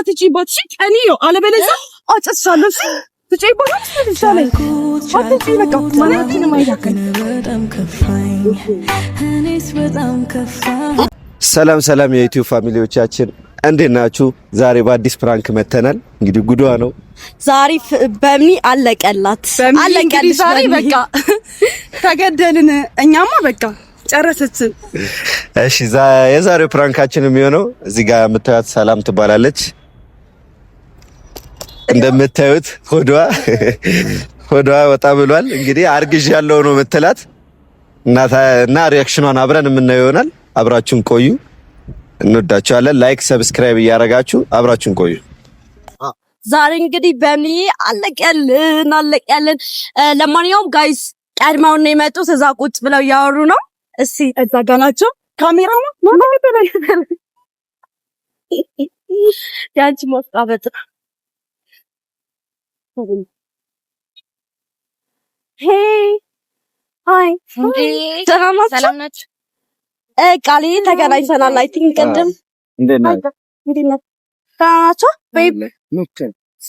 አትጪባት። እሺ ነው፣ አለበለዚያ አጨሳለሁ። ሰላም ሰላም፣ የዩቲዩብ ፋሚሊዎቻችን እንዴት ናችሁ? ዛሬ በአዲስ ፕራንክ መተናል። እንግዲህ ጉዷ ነው ዛሬ በሚ አለቀላት አለቀልሽ። ዛሬ በቃ ተገደልን እኛማ በቃ ጨረሰችን። እሺ የዛሬው ፕራንካችን የሚሆነው እዚህ ጋር የምታዩት ሰላም ትባላለች። እንደምታዩት ሆዷ ሆዷ ወጣ ብሏል። እንግዲህ አርግዥ ያለው ነው ምትላት እና ሪያክሽኗን አብረን የምናየው ይሆናል። አብራችሁን ቆዩ። እንወዳችኋለን። ላይክ፣ ሰብስክራይብ እያደረጋችሁ አብራችሁን ቆዩ። ዛሬ እንግዲህ በሚ አለቀልን አለቀልን። ለማንኛውም ጋይስ ቀድመውን ነው የመጡት። እዛ ቁጭ ብለው እያወሩ ነው። እስቲ እዛ ጋ ናቸው። ካሜራ ነው ያንቺ አይታሰብም። ሄይ አይ ሰላም ናችሁ? ቃሌ ተገናኝተናል። አይ ቲንክ ቅድም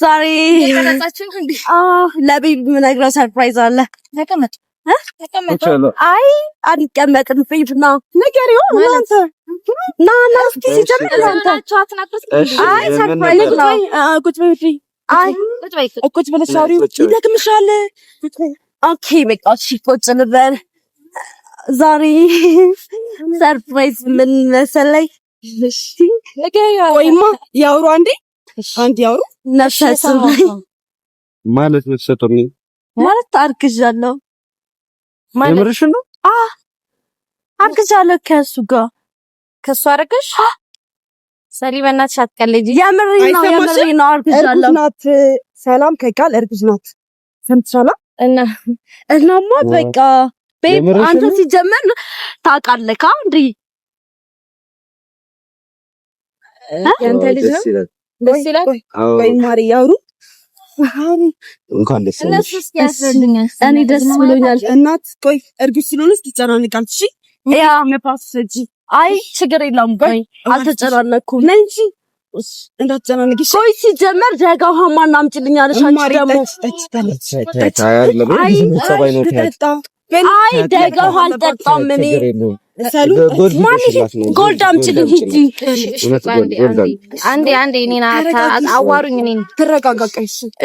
ዛሬ ለቤብ የምነግረው ሰርፕራይዝ አለ። ተቀመጥ አይ አንቀመጥም። ቤብ ና ንገሪው። እናንተ እስኪ ሲጀምር እናንተ አይ ሰርፕራይዝ ነው። ቁጭ በይ ቁጭ ብለሽ አውሪው ይደክምሻል። ኦኬ በቃ እሺ፣ ቁጭ ልበል። ዛሬ ሰርፕራይዝ ምን መሰለኝ? እሺ ወይማ ያውሩ አንዴ ያውሩ ነፍሰ ማለት ነፍሰ ጡር ማለት አርግዣለሁ። የምርሽን ነው? አርግዣለሁ። ጋር ከሱ አረገሽ ሰሊ በእናትሽ አትቀልጂ። የምሬን ነው፣ የምሬን ነው። እርጉዝ ናት። ሰላም ከቃል እርጉዝ ናት። ሰምትሻላ እና እናማ በቃ ቤብ አንተ ሲጀመር ታውቃለህ እንዴ? ያንተ ልጅ ነው። ደስ ይላል ወይ ማሪ? ያውሩ እንኳን ደስ ይላል። እኔ ደስ ብሎኛል። እናት ቆይ እርጉዝ ስለሆነች ትጨናንቃለች። እሺ ያ ነፋስ ሰጂ አይ ችግር የለውም። ቆይ አልተጨናነኩም። ነይ እንጂ እንዳትጨናነቂ። ቆይ ሲጀመር ደጋ ውሃ ማን አምጪልኝ አለሽ አንቺ ደግሞ። አይ ደጋ ውሃ አልጠጣም እኔ። ጎልድ አምጪልኝ ሂጂ። አንዴ አንዴ እኔን አዋሩኝ። እኔን ትረጋጋ።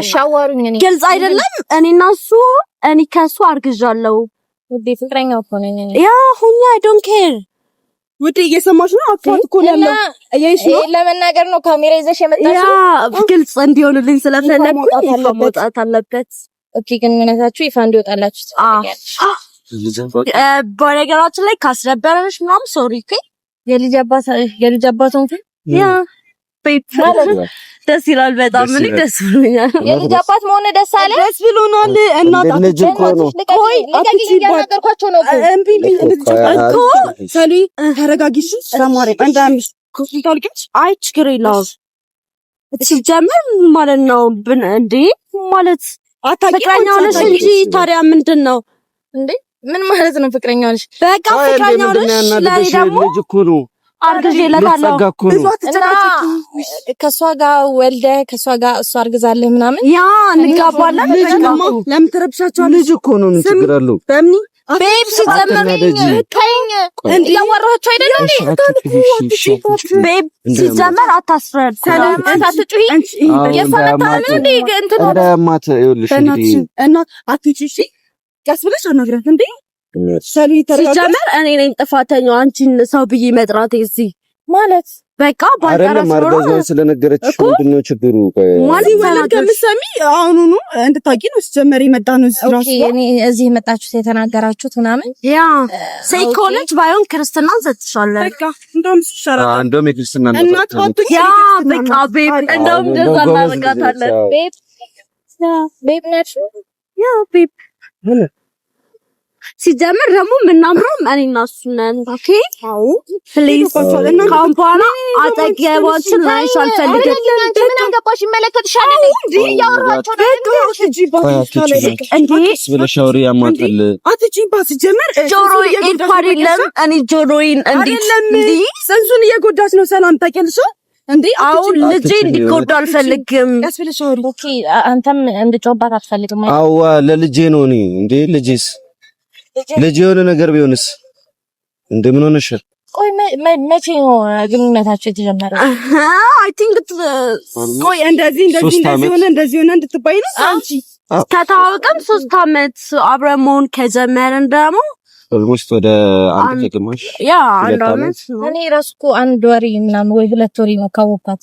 እሺ አዋሩኝ። እኔ ግልጽ አይደለም። እኔና እሱ እኔ ከእሱ አርግዣለሁ። ፍቅረኛ እኮ ነኝ። ያ ሁኛ አይ ዶንት ኬር ውድ እየሰማሽ ነው። አፋት እኮ ያለው እያይሽ ነው። ለመናገር ነው ካሜራ ይዘሽ የመጣሽው። ያ ግልጽ እንዲሆንልኝ ስለፈለኩኝ ይፋ መውጣት አለበት። ኦኬ፣ ግንኙነታችሁ ይፋ እንዲወጣላችሁ ትፈልጋለሽ። በነገራችን ላይ ካስነበረሽ ምናምን ሶሪ። የልጅ አባት የልጅ አባቱን ያ ደስ ይላል። በጣም ምን ደስ ብሎኛል። የልጅ አባት መሆን ደስ አለ። ደስ ብሎናል። እናት ልጅ እኮ ነው። ቆይ እያናገርኳቸው ነው እምቢ እኮ ሰሊ ተረጋጊሽ። ሰማሪ እንዳምሽ ኮስፒታል ግጭ። አይ ችግር የለውም ሲጀመር ማለት ነው ብን እንዴ ማለት ፍቅረኛ ነሽ እንጂ ታዲያ ምንድን ነው እንዴ? ምን ማለት ነው ፍቅረኛ ነሽ? በቃ ፍቅረኛ ነሽ። ለኔ ደግሞ ልጅ እኮ ነው አርግዤለታለሁ ከእሷ ጋር ወልደ ከእሷ ጋር እሷ አርግዛለህ ምናምን ያ እንጋባለን። ለምን ትረብሻቸዋለህ? ልጅ እኮ ነው ችግር አለው። በምን ቤብ ሲጀመር ከኝ እያወራኋቸው አይደለም። ቤብ ሲጀመር አታስረድ ሳትጩሂ የሰመታምን እንዴ እንትን እና አትጭ ቀስ ብለሽ አናግራት እንዴ ሲጀመር እኔ ነኝ ጥፋተኛው አንቺን ሰው ብዬ መጥራት እዚህ ማለት በቃ ባልጠራ ማርገዟን ስለነገረችሽ ምንድን ነው ችግሩ? ከምትሰሚ አሁኑኑ እንድታውቂ ነው። ሲጀመር የመጣ ነው እዚህ የመጣችሁት የተናገራችሁት ምናምን ያ ሴት ከሆነች ባይሆን ክርስትና በቃ እንደውም እንደውም ያ በቃ ቤብ፣ እንደውም ቤብ ቤብ ነሽ ያ ቤብ ሲጀምር ደግሞ የምናምረው እኔ እና እሱ ነን። ኦኬ ፕሊዝ፣ ካሁን በኋላ አጠገባችን ላይሽ አልፈልግም። ምን እየጎዳች ነው። ሰላም ታውቂያለሽ? እንዴ አሁን ልጄ እንዲጎዳ አልፈልግም። አንተም እንድጮባት አትፈልግም? አዎ ለልጄ ነው እኔ እንዴ ልጄስ ልጅ የሆነ ነገር ቢሆንስ እንደምን ሆነሽ? ቆይ መቼ ነው ግንኙነታቸው የተጀመረው? አይ ቲንክ ቆይ እንደዚህ እንደዚህ እንደዚህ ሆነ እንደዚህ ሆነ እንድትባይ ነው አንቺ። ከተዋወቅን ሶስት አመት አብረን መሆን ከጀመረን ደግሞ ኦልሞስት ወደ አንድ ከግማሽ ያ አንድ አመት። እኔ ራስኩ አንድ ወሬ ምናምን ወይ ሁለት ወሬ ነው ካወኳት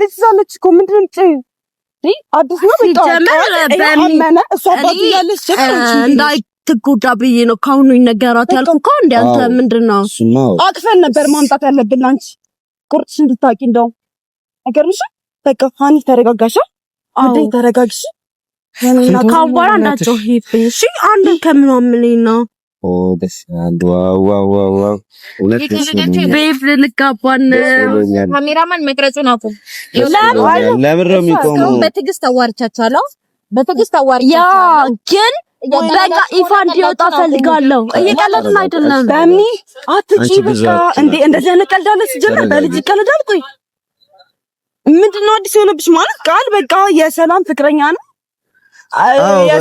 ልጅ አለች እኮ ምንድን ነው? አዲስ ነው እንዳትጎዳ ብዬ ነው ከአሁኑ ይነገራት ያልኩ እኮ። እንደ አንተ ምንድን ነው አቅፈን ነበር ማምጣት ያለብን አንቺ ቁርጥሽ እንድታቂ እንደው ነገርሽ። በቃ ሀኒ ተረጋጋሽ፣ አደይ ተረጋግሽ። ከአሁን በኋላ እንዳትጮሂብኝ እሺ። አንድ ከምናምን ነው ኦ ደስ ይላል። ዋው ዋው ዋው ዋው! ሁለት ቤት ልንጋባን። ካሜራማን መቅረጹን አቁም። ለምን ነው የሚቆመው? በትዕግስት አዋርቻችኋለሁ። በትዕግስት ግን በቃ ይፋ እንዲወጣ ፈልጋለሁ። እየቀለድን አይደለም። በሚ አትጪ እንዴ! እንደዚህ በልጅ ቆይ ምንድነው አዲስ የሆነብሽ? ማለት ቃል በቃ የሰላም ፍቅረኛ ነው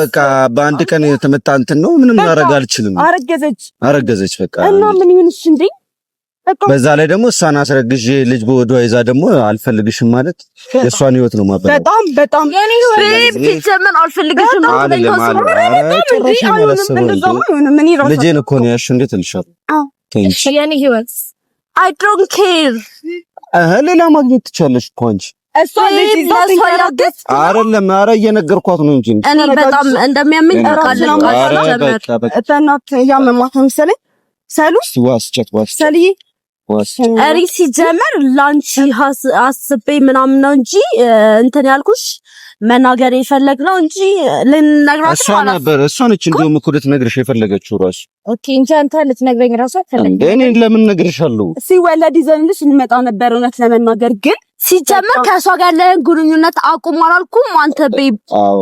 በቃ በአንድ ቀን የተመታ እንትን ነው። ምንም ማድረግ አልችልም። አረገዘች አረገዘች። በቃ እና ምን ይሁን እሺ? እንዴ በዛ ላይ ደግሞ እሷን አስረግዤ ልጅ በወዷ ይዛ ደግሞ አልፈልግሽም ማለት የእሷን ህይወት ነው ማበላ። በጣም በጣም ልጄን እኮ ነው ያልሽው። እንዴት እልሻለሁ? ሌላ ማግኘት ትቻለሽ እኮ አንቺ እሷ ልጅ አይደለም። ኧረ እየነገርኳት ነው እንጂ እኔ በጣም እንደሚያመኝ በእናትህ እያመማት መሰለኝ። ሰሉ ሰልዬ ሲጀመር ላንቺ አስቤ ምናምን ነው እንጂ እንትን ያልኩሽ መናገር የፈለግ ነው እንጂ ልንነግራችሁ ነበር። እሷ ነች እንደውም እኮ ልትነግርሽ የፈለገችው ራሱ። ኦኬ እንጂ አንተ ልትነግረኝ ራሱ አትፈልግም። እኔ ለምን እነግርሻለሁ? ሲወለድ ይዘንልሽ እንመጣ ነበር እውነት ለመናገር ግን ሲጀምር ከእሷ ጋር ያለን ግንኙነት አቁም አላልኩም። አንተ ቤብ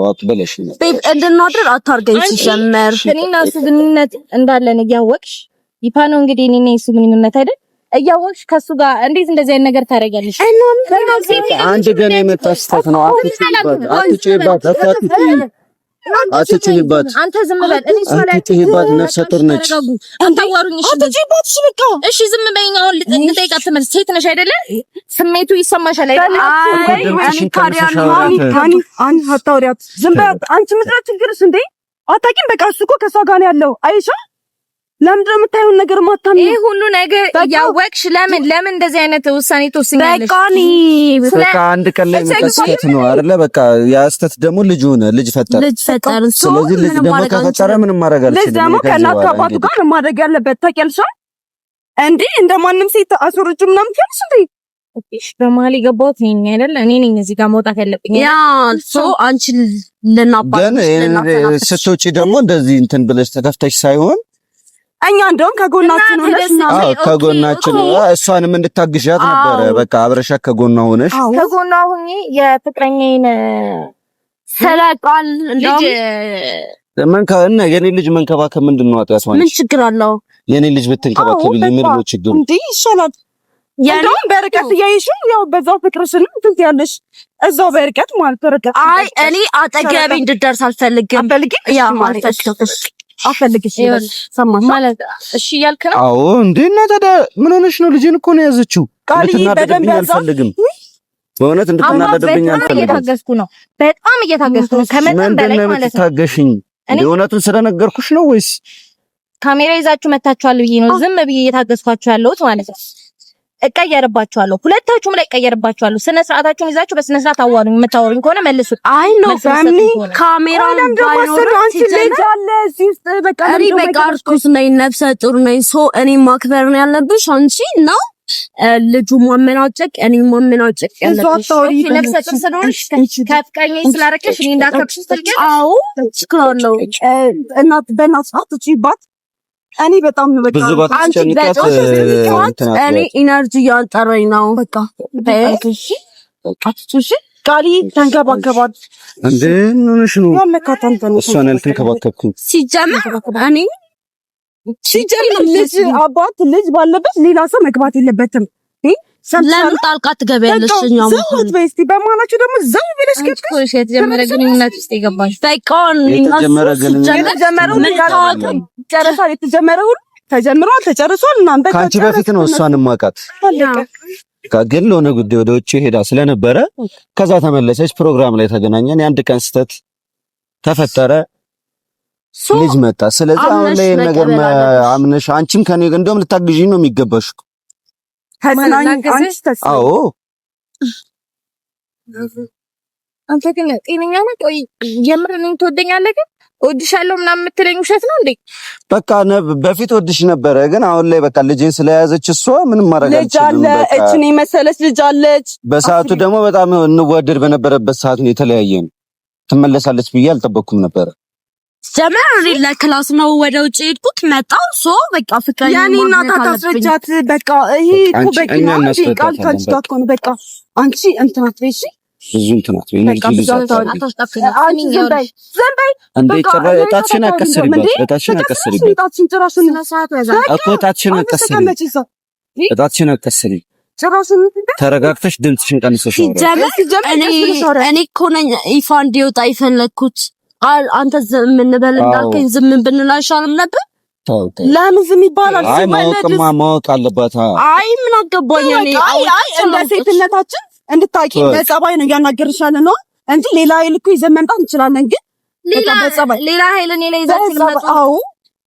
አትበለሽ፣ ቤብ እንድናድር አታርገኝ። ሲጀመር እኔና እሱ ግንኙነት እንዳለን እያወቅሽ ይፋ ነው እንግዲህ እኔና እሱ ግንኙነት አይደል እያወቅሽ ከሱ ጋር እንዴት እንደዚህ አይነት ነገር ታደርጊያለሽ? አንድ ገና የመታስተት ነው። አትጭባት፣ አትጭባት። አንተ ዝም በል። እኔ እሷ ላይ አትጭባት። ነፍሰ ጡር ነች። አታዋሩኝ። እሺ፣ አትጭባት። እሺ፣ በቃ እሺ፣ ዝም በይኝ። አሁን ልጠይቃት ትመልስ። ሴት ነሽ አይደለ? ስሜቱ ይሰማሻል አይደለ? አይ ታዲያ አንቺ ምጥራት ችግርሽ እንዴ? አታውቂም። በቃ እሱ እኮ ከእሷ ጋር ነው ያለው። አይሻ ለምን የምታየውን ነገር ማታም ይሄ ሁሉ ነገር እያወቅሽ ለምን ለምን እንደዚህ አይነት ውሳኔ ትወስኛለሽ? በቃ አንድ ቀን ላይ ስህተት ነው አይደለ? በቃ ያ ስህተት ደግሞ ልጅ ሆነ ልጅ ፈጠረ። ስለዚህ ልጅ ደግሞ ከፈጠረ ምንም ማድረግ አልችልም። ልጅ ደግሞ ከእናቱ አባቱ ጋር ማድረግ ያለበት ታውቂያለሽ እንዴ? እንደማንም ሴት አስወርጁ ምናምን ትያለሽ እንዴ? በመሀል የገባሁት እኔ ነኝ አይደል? እኔ ነኝ እዚህ ጋር መውጣት ያለብኝ። ያ ሶ አንቺ ለናባ ለናባሽ ስትወጪ ደግሞ እንደዚህ እንትን ብለሽ ተከፍተሽ ሳይሆን እኛ እንደውም ከጎናችን ሆነሽ አዎ፣ ከጎናችን እሷንም እንድታግዣት ነበረ። በቃ አብረሻ ከጎና ሆነሽ ከጎና ሆኜ የፍቅረኛዬን ሰላቃል ልጅ መንከ እና የኔ ልጅ መንከባከብ ምንድን ነው አጥያሷን ምን ችግር አለው? የኔ ልጅ ብትንከባከብ ምን ነው ችግሩ? እንዴ ይሻላል። እንደውም በርቀት እያየሽው ያው በዛው ፍቅርሽን እንትን ያለሽ እዛው በርቀት ማለት ተረቀቀ። አይ እኔ አጠገቤ እንድደርስ አልፈልግም። አልፈልግም። ያ ማለት አፈልግሽ ሰማሽ ማለት እሺ እያልክ ነው? አዎ እንዴ። እና ታዲያ ምን ሆነሽ ነው? ልጄን እኮ ነው ያዘችው። ቃልዬ በደንብ አልፈልግም፣ በእውነት እንድትናደድብኝ አልፈልግም። እየታገስኩ ነው፣ በጣም እየታገስኩ ነው፣ ከመጠን በላይ ማለት ነው። ታገሽኝ። እውነቱን ስለነገርኩሽ ነው ወይስ ካሜራ ይዛችሁ መታችኋል ብዬ ነው ዝም ብዬ እየታገስኳችሁ ያለሁት ማለት ነው። እቀየርባችኋለሁ። ሁለታችሁም ላይ እቀየርባችኋለሁ። ስነ ስርዓታችሁን ይዛችሁ በስነ ስርዓት አዋሩኝ። የምታወሩኝ ከሆነ መልሱ። አይ ኖ ፋሚሊ ካሜራውን በቃ እርኩስ ነኝ፣ ነፍሰ ጡር ነኝ። ሶ እኔ ማክበር ነው ያለብሽ አንቺ ነው ልጁ ማመናጨቅ እኔ ማመናጨቅ ያለብሽ ነፍሰ ጡር ስለሆንሽ ከፍቃኝ ስላረከሽ እኔ እንዳከብሽ ትልገ አዎ ትክክል ነው። እናት በእናት አትጪባት እኔ በጣም ብዙ እኔ ኢነርጂ እያጠረኝ ነው። በቃ ቃሊ ተንከባከባት እንዴ ሆነሽ ነው? እሷን ያልተንከባከብኩኝ ሲጀምር እኔ ሲጀምር ልጅ አባት ልጅ ባለበት ሌላ ሰው መግባት የለበትም። ለምን ጣልቃ ትገቢያለሽ? እኛም ዘውት በስቲ በማላችሁ ደግሞ ዘው ብለሽ ገብተሽ የተጀመረ ግንኙነት ውስጥ የገባሽ ሳይቆን የተጀመረ ግንኙነት ተጀምሯል፣ ተጨርሷል። እናንተ ከአንቺ በፊት ነው እሷን ማቃት ግን ለሆነ ጉዳይ ወደ ውጭ ሄዳ ስለነበረ ከዛ ተመለሰች። ፕሮግራም ላይ ተገናኘን። የአንድ ቀን ስህተት ተፈጠረ። ልጅ መጣ። ስለዚህ አሁን ላይ ነገር አምነሽ አንቺም ከኔ እንደውም ልታግዢኝ ነው የሚገባሽ እኮ አዎ አንተ ግን ጤነኛ ነህ? ቆይ የምር እኔን ትወደኛለህ? ግን እወድሻለሁ ምናምን የምትለኝ ውሸት ነው እንዴ? በቃ በፊት ወድሽ ነበረ፣ ግን አሁን ላይ በቃ ልጄን ስለያዘች እሷ ምንም ማድረግ አልችልም። ልጅ አለች፣ መሰለች ልጅ አለች። በሰዓቱ ደግሞ በጣም እንወደድ በነበረበት ሰዓት የተለያየን ትመለሳለች ብዬ አልጠበኩም ነበረ። ጀመር ሌላ ክላስ ነው ወደ ውጭ ሄድኩት መጣው ሶ በቃ ፍቅር ያኔ እናት አታስረጃት። በቃ ይሄ እኮ በቃ ነው። ቃል ካንቺ ከሆነ በቃ አንቺ እንትን አትበይ፣ ብዙ እንትን አትበይ። እጣትሽን እጣትሽን አትቀስሪባት ተረጋግተሽ ድምፅሽን ቀንሰሽ ነው። እኔ እኮ ነኝ ይፋ እንዲወጣ የፈለግኩት አንተ ዝም እንበል እንዳልከኝ ዝም ብንል አይሻልም ነበር? ለምን ዝም ይባላል? ማወቅ አለበት። አይ ምን አገባኝ እኔ። አይ እንደ ሴትነታችን እንድታቂ በጸባይ ነው እያናገርሻለ ነው እንጂ ሌላ ኃይል እኮ ይዘን መምጣት እንችላለን። ግን ሌላ ኃይል እኔ ላይ ይዛችሁ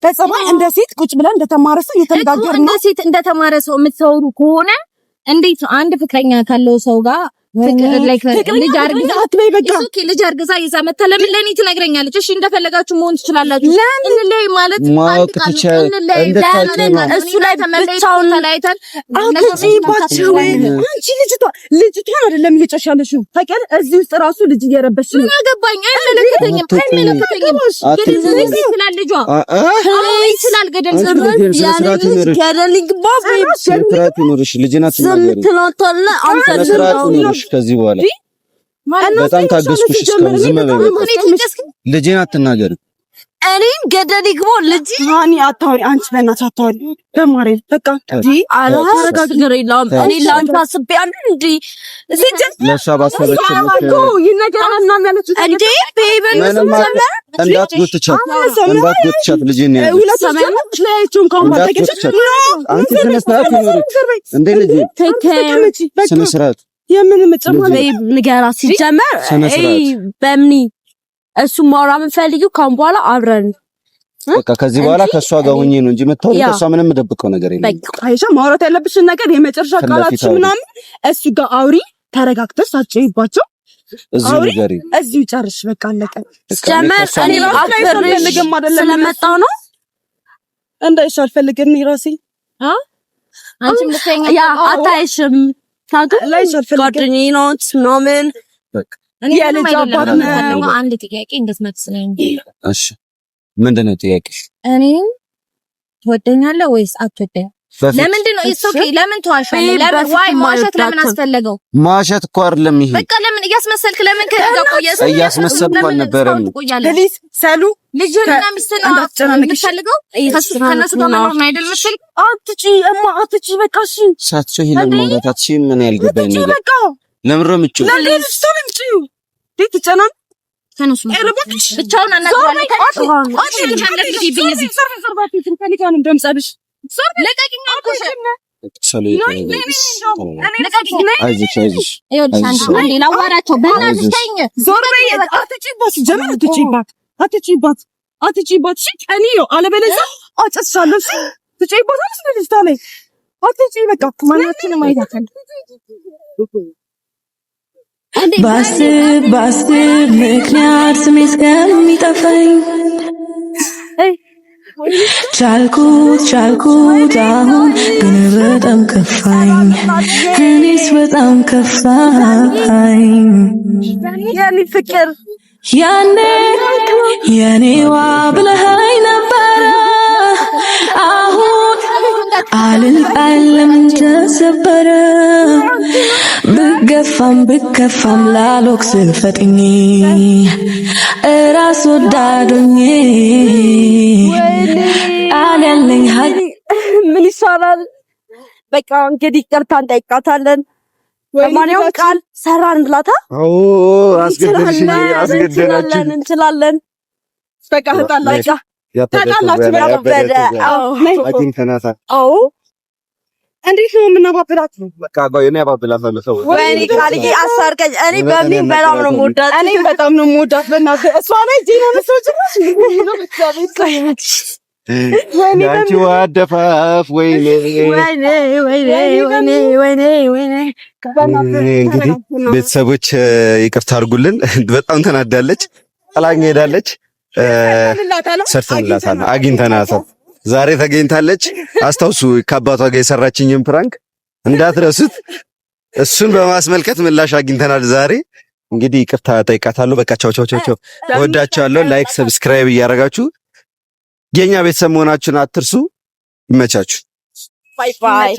በጸባይ እንደ ሴት ቁጭ ብለን እንደተማረ ሰው እየተነጋገርን እንደ ሴት እንደተማረ ሰው የምትሰውሩ ከሆነ እንዴት አንድ ፍቅረኛ ካለው ሰው ጋር ልጅ አርግዛ ይዛ መታ ለምን ለእኔ ትነግረኛለች? እሺ እንደፈለጋችሁ መሆን ትችላላችሁ። እንለይ ማለት እሱ ላይ ተመለይታውን ተለያይተን አንቺ ልጅቷ ልጅቷን አይደለም እየጨሻለሽ ታውቂያለሽ። እዚህ ውስጥ ራሱ ልጅ እየረበሽ ነው። ገባኝ። አይመለከተኝም፣ አይመለከተኝም። ይችላል ልጇ ይችላል። ገደል ገደል ግባ። ስርዓት ይኖርሽ። ልጅ ናት። ስርዓት ይኖርሽ ከዚህ በኋላ በጣም ታገስኩሽ። እስካሁን ዝም በይ። ልጄን አትናገር። እኔም ገደል ይግቦ ልጅ ማን አታውሪ። አንቺ በእናትሽ አታውሪ። በማሪ በቃ እንጂ አላረጋግር ይላም እኔ ላንቺ አስቤ አንዱ እንጂ ልጅ ለሻባ ሰበች ነው ይነገራል እና ማለት እንጂ ቤበን ሰማ እንዳት ጎትቻት እንዳት ጎትቻት ልጅ ነው ያለው ሁለተኛ ለያይቱን ኮምፓክት ከቻት አንቺ ስነ ስርዓት ይኖርሽ እንዴ ልጅ ስነ ስርዓት የምን ምጽማ ንገራ። ሲጀመር በምኒ እሱ ማውራ የምንፈልጊው ካሁን በኋላ አብረን በቃ ከዚህ በኋላ ከእሷ ጋር ሁኜ ነው እንጂ የምታወሪው ከእሷ ምንም ደብቀው ነገር የለም። በቃ አይሻ ማውራት ያለብሽን ነገር የመጨረሻ ቃላት ምናምን እሱ ጋር አውሪ፣ ተረጋግተሽ አጭይባቸው እዚሁ ነገር እዚሁ ጨርሽ። በቃ አለቀ። ሲጀመር እኔ አፍርልግም አይደለም ስለመጣው ነው እንዳይሻ አልፈልግም እኔ ራሴ አ አንቺ ምትኛ ያ አታይሽም ጓደኛዬ ናት ምናምን የልጅ አባት ነው። አንድ ጥያቄ እንድትመልስልኝ። እሺ ምንድን ነው ጥያቄሽ? እኔ ትወደኛለህ ወይስ አትወደኝ? ለምንድን ነው እሱ? ኦኬ ለምን ተዋሻለህ? ለምን ዋይ ማውሸት ለምን አስፈለገው? ማውሸት እኮ አይደለም ይሄ። በቃ ለምን እያስመሰልክ ለምን ከዛ ቆየ ሰው እያስመሰልክ እኮ አልነበረም። ፕሊዝ ሰሉ ልጅና ሚስትን ከሱ ከነሱ ጋር መኖር ነው አይደል? ምትል አትጪ እማ አትጪ በቃ እሺ፣ ሳትሶ ይሄ ለማውራት አትሺ። ምን ያልገባኝ ነው በቃ ለምን ረምጩ ለምን ስቶን እንጂ ቤት ጨናን ተነሱ ብቻውን አናግረዋለሁ። ከአንቺ ልጅ አለብኝ ብዬሽ ሌላ አዋራቸው በእናትሽ ተኝ። ዞር በይ አትጪባት፣ ጀመር አትጪባት፣ አትጪባት፣ አትጪባት። እሺ ቀኒ ነው አለበለዚያ አጨሳለሁ። እሺ ትጪባት አለች ልጅቷ ላይ አትጪ። በቃ ማናችንም አይታከል ባስብ ባስብ ምክንያት ስሜ እስከሚጠፋኝ ቻልኩት ቻልኩት አሁን ግን በጣም ከፋኝ፣ እኔስ በጣም ከፋኝ። ፍቅር ያኔ የኔዋ ብለኸኝ ነበረ አሁን አልልአለም ተሰበረ ብገፋም ብከፋም ላልወቅስ ፈጥኜ እራስ ወዳዶኜ ቃል ያለኝ ምን ይሻላል። በቃ እንግዲህ ይቅርታ እንጠይቃታለን። ለማንኛውም ቃል ሰራን ብላታ አስገደልሽ፣ አስገደላችሁ እንችላለን። በቃ ህጣላችሁ እንዴት ነው የምናባብላት? በቃ እኔ ሰው ወይኔ እኔ በምን በጣም ነው የምወዳት፣ እኔ በጣም ነው የምወዳት። በእናትህ እሷ ላይ ዜና መስሎች አደፋፍ ወይኔ ወይኔ። እንግዲህ ቤተሰቦች ይቅርታ አድርጉልን፣ በጣም ተናዳለች፣ ጥላኝ ሄዳለች። ሰርተንላታል፣ አግኝተናታል። ዛሬ ተገኝታለች። አስታውሱ ከአባቷ ጋር የሰራችኝን ፕራንክ እንዳትረሱት። እሱን በማስመልከት ምላሽ አግኝተናል ዛሬ። እንግዲህ ይቅርታ ጠይቃታለሁ። በቃ ቻው ቻው ቻው። ወዳችኋለሁ። ላይክ ሰብስክራይብ እያደረጋችሁ የኛ ቤተሰብ መሆናችሁን አትርሱ። ይመቻችሁ። ባይ ባይ።